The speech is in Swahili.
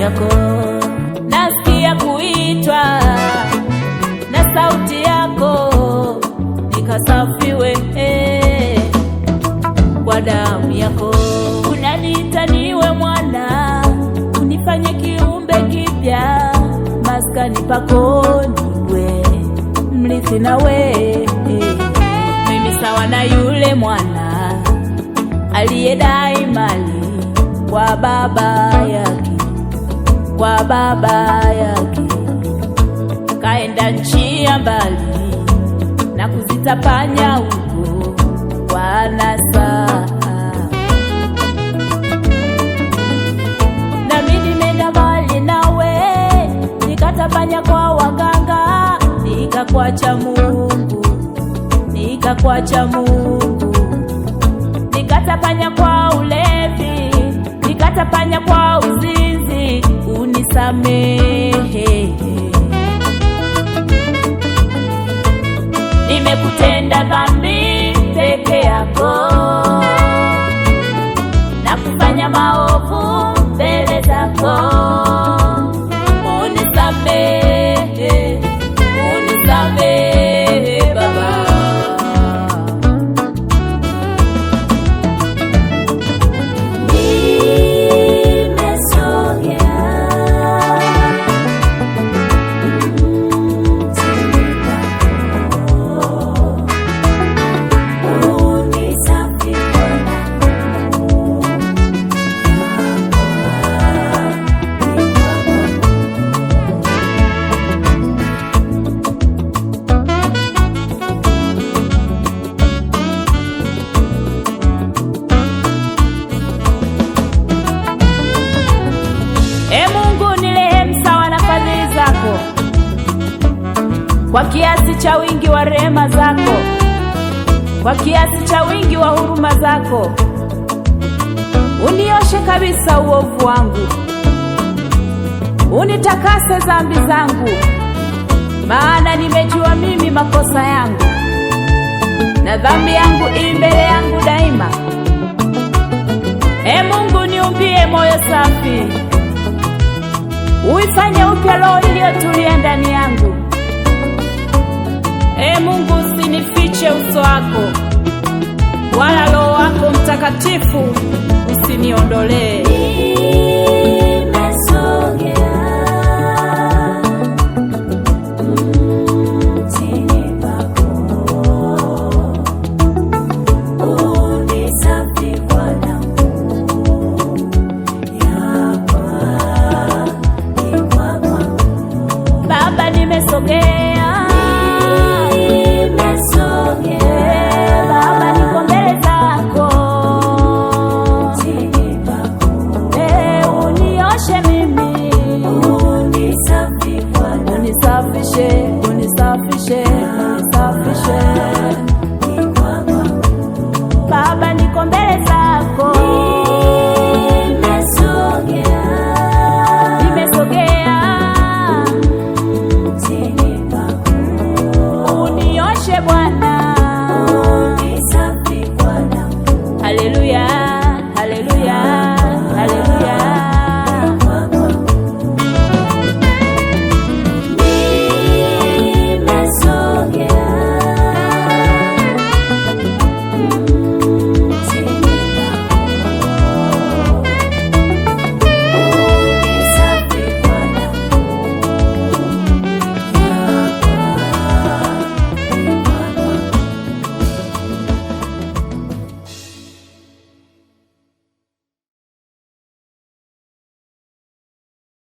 yako, nasikia kuitwa na sauti yako, nikasafiwe eh, kwa damu yako. Unaniita niwe mwana, unifanye kiumbe kipya, maskani pako niwe mrithi nawe eh. mimi sawa na yule mwana aliyedai mali kwa baba yake kwa baba yake, kaenda nchi ya mbali na kuzitapanya huko kwa anasa. Nami nimeenda mbali nawe, nikatapanya kwa waganga, nikakwacha Mungu, nikakwacha Mungu, nikatapanya kwa ulevi, nikatapanya nisamehe. Nimekutenda dhambi peke yako na kufanya maovu mbele zako. kwa kiasi cha wingi wa rehema zako, kwa kiasi cha wingi wa huruma zako, unioshe kabisa uovu wangu, unitakase dhambi zangu, maana nimejua mimi makosa yangu, na dhambi yangu i mbele yangu daima. E Mungu, niumbie moyo safi, uifanye upya roho watoto wako wala